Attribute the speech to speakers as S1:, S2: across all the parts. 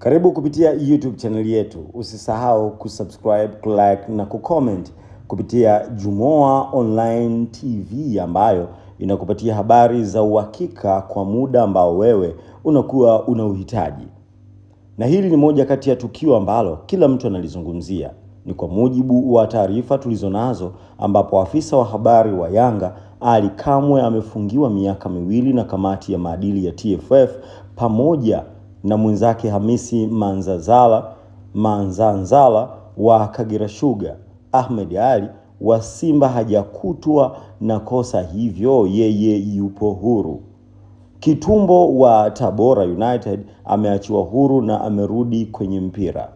S1: Karibu kupitia YouTube channel yetu. Usisahau kusubscribe, like na kucomment kupitia Jumoa Online TV ambayo inakupatia habari za uhakika kwa muda ambao wewe unakuwa una uhitaji. Na hili ni moja kati ya tukio ambalo kila mtu analizungumzia. Ni kwa mujibu wa taarifa tulizonazo, ambapo afisa wa habari wa Yanga Ali Kamwe amefungiwa miaka miwili na kamati ya maadili ya TFF pamoja na mwenzake Hamisi Manzazala Manzanzala wa Kagera Sugar, Ahmed Ali wa Simba hajakutwa na kosa hivyo yeye yupo huru. Kitumbo wa Tabora United ameachiwa huru na amerudi kwenye mpira.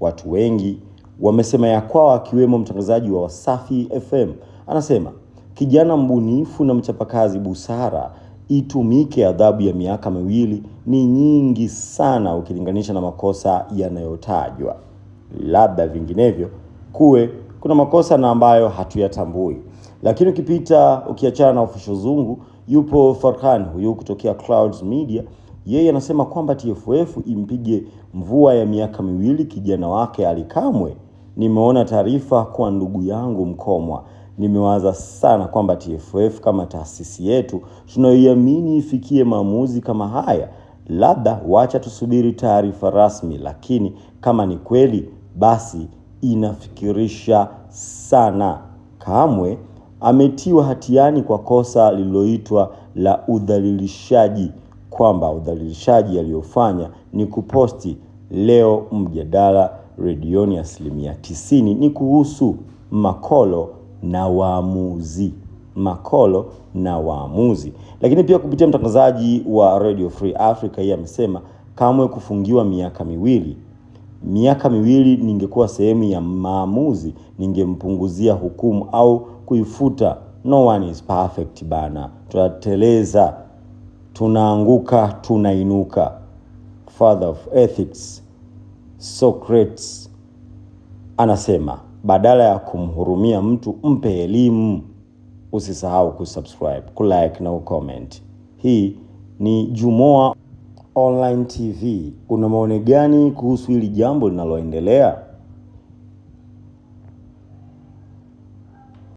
S1: Watu wengi wamesema ya kwao, akiwemo mtangazaji wa Wasafi FM anasema kijana mbunifu na mchapakazi, busara itumike adhabu ya miaka miwili ni nyingi sana ukilinganisha na makosa yanayotajwa. Labda vinginevyo kuwe kuna makosa na ambayo hatuyatambui, lakini ukipita ukiachana na ofisho zungu, yupo Farhan huyu kutokea Clouds Media. Yeye anasema kwamba TFF impige mvua ya miaka miwili kijana wake Alikamwe. Nimeona taarifa kwa ndugu yangu Mkomwa nimewaza sana kwamba TFF kama taasisi yetu tunayoiamini ifikie maamuzi kama haya. Labda wacha tusubiri taarifa rasmi, lakini kama ni kweli, basi inafikirisha sana. Kamwe ametiwa hatiani kwa kosa lililoitwa la udhalilishaji, kwamba udhalilishaji aliyofanya ni kuposti. Leo mjadala redioni asilimia tisini ni kuhusu Makolo na waamuzi Makolo na waamuzi. Lakini pia kupitia mtangazaji wa Radio Free Africa, yeye amesema kamwe kufungiwa miaka miwili miaka miwili, ningekuwa sehemu ya maamuzi ningempunguzia hukumu au kuifuta. No one is perfect bana, tunateleza, tunaanguka, tunainuka. Father of ethics Socrates anasema badala ya kumhurumia mtu, mpe elimu. Usisahau kusubscribe, kulike na ucomment. Hii ni Jumoa Online TV. Una maoni gani kuhusu hili jambo linaloendelea?